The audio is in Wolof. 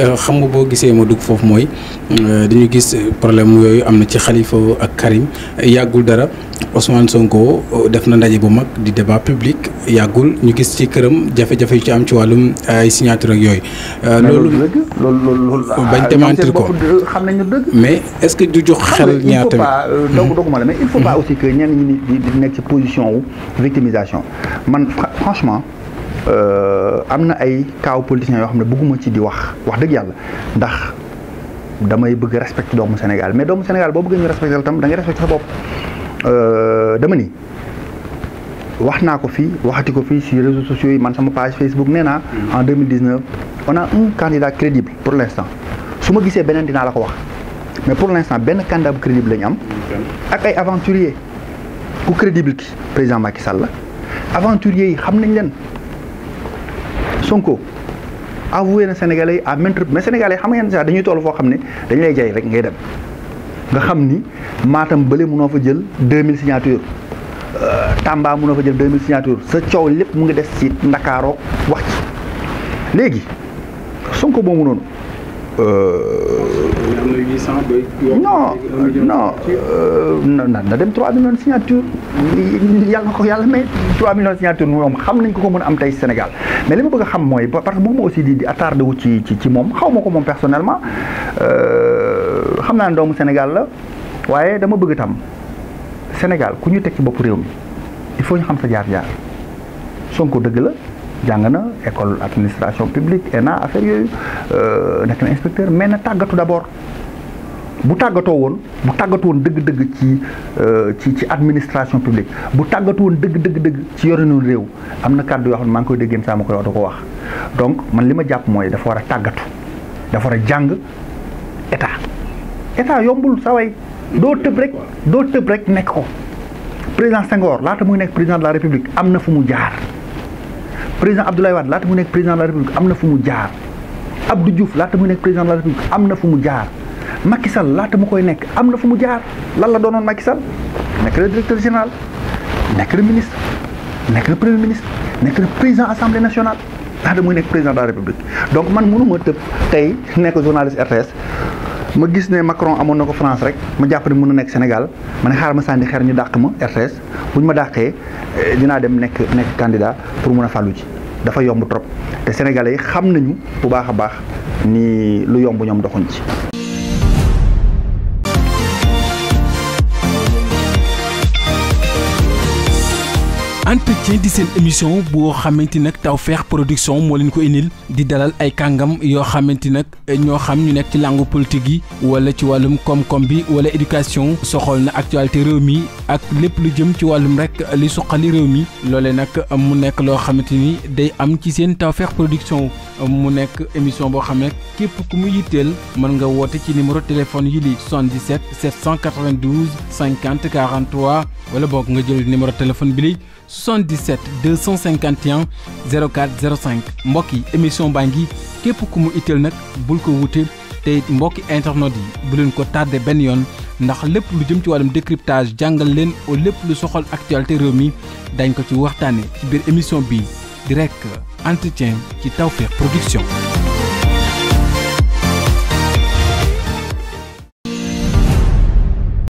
Euh, xam nga boo gisee ma dugg foofu mooy euh, dañu gis euh, problème yooyu am na ci Khalifa ak Karim yàggul dara Ousmane Sonko def na ndaje bu mag di débat public yàggul ñu gis ci këram jafe-jafe ci am ci wàllum ay signature ak yooyu. loolu loolu bañ ah, démentir ko mais est-ce que du jox xel ñaar tamit. donc doguma la mais il faut pas mhm. aussi que ñenn ñi di nekk ci position wu victimisation man Euh, am na ay kaaw politiciens yoo xam ne bëgguma ci di wax wax dëgg yàlla ndax damay bëgg respecté doomu Sénégal mais doomu Sénégal boo bëggee ñu respecté la tam da ngay respecté sa bopp euh, dama ni wax naa ko fii waxati ko fii su réseaux sociaux yi man sama page Facebook nee naa hmm. en 2019 on a un candidat crédible pour l' instant su ma gisee beneen dinaa la ko wax mais pour l' instant benn candidat bu crédible la am hmm. ak ay aventurier ku crédible ki président Macky Sall la aventurier Sonko avoué na Sénégalais yi à maintes mais Sénégalais xam ngeen sax dañuy toll foo xam ne dañu lay jaay rek ngay dem nga xam ni Matam bële mënoo fa jël 2000 signature euh, mu mënoo fa jël 2000 signature sa coow lépp mu ngi def ci Ndakaarook wax ci léegi Sonko boobu noonu. Euh, non non euh, na dem 3 millions de signature yàlla ko yàlla mais 3 millions de signature moom xam nañ ko ko mën am tey Sénégal mais li ma bëgg xam mooy parce que bëgguma aussi di di attardé wu ci ci ci moom xaw ma ko moom personnellement euh, xam naa ne doomu Sénégal la waaye dama bëgg tam Sénégal ku ñu teg ci bopp réew mi il faut ñu xam sa jaar-jaar Sonko dëgg la jàng na école administration publique ENA affaire yooyu euh, nekk na inspecteur mais na tàggatu d'abord bu tàggatoo woon bu tàggatu woon dëgg-dëgg ci euh, ci ci administration publique bu tàggatu dëgg dëgg ci yorinu réew am na kàddu yoo xam ne maa koy déggeen saa ma koy wax da ko wax donc man li ma jàpp mooy dafa war a tàggatu dafa war a jàng état état yombul saway doo tëb rek doo tëb rek nekk ko président Senghor laata muy nekk président de la république am na fu mu jaar président Abdoulaye Wade laata mu nekk président de la république am na fu mu jaar Abdou Diouf laata mu nekk président de la république am na fu mu jaar Macky Sall laata mu koy nekk am na fu mu jaar lan la doonoon Macky Sall nekk le directeur général nekk le ministre nekk le premier ministre nekk le président assemblée nationale laata muy nekk président de la république donc man munu mënuma tëb tey nekk journaliste RTS ma gis ne Macron amoon na ko France rek ma jàpp ne mën na nekk Sénégal ma ne xaaral ma sànni xeer ñu dàq ma RTS bu ñu ma dàqee eh, dinaa dem nekk nekk candidat pour mën a fàllu ci dafa yomb trop te sénégalais xam nañu bu baax a baax ni lu yomb ñoom doxuñ ci. entretien di seen émission boo xamante nag Tawfekh Production moo leen ko indil di dalal ay kàngam yoo xamante nag ñoo xam ñu nekk ci làngu politique yi wala ci wàllum koom-koom bi wala éducation soxool na actualité réew mi ak lépp lu jëm ci wàllum rek li suqali réew mi loolee nag mu nekk loo xamante ni day am ci seen Tawfekh Production mu nekk émission boo xam ne képp ku mu yitteel mën nga woote ci numéro téléphone yi li 77 792 50 43 wala boog nga jël numéro téléphone bi li 77 251 04 05 mbokk yi émission baa ngi képp ku mu itteel nag bul ko wuute te mbokki internet yi bu leen ko tardé benn yoon ndax lépp lu jëm ci wàllum décryptage jàngal leen o lépp lu soxal actualité réew mi dañ ko ci waxtaane ci biir émission bi direct entretien ci Tawfekh Production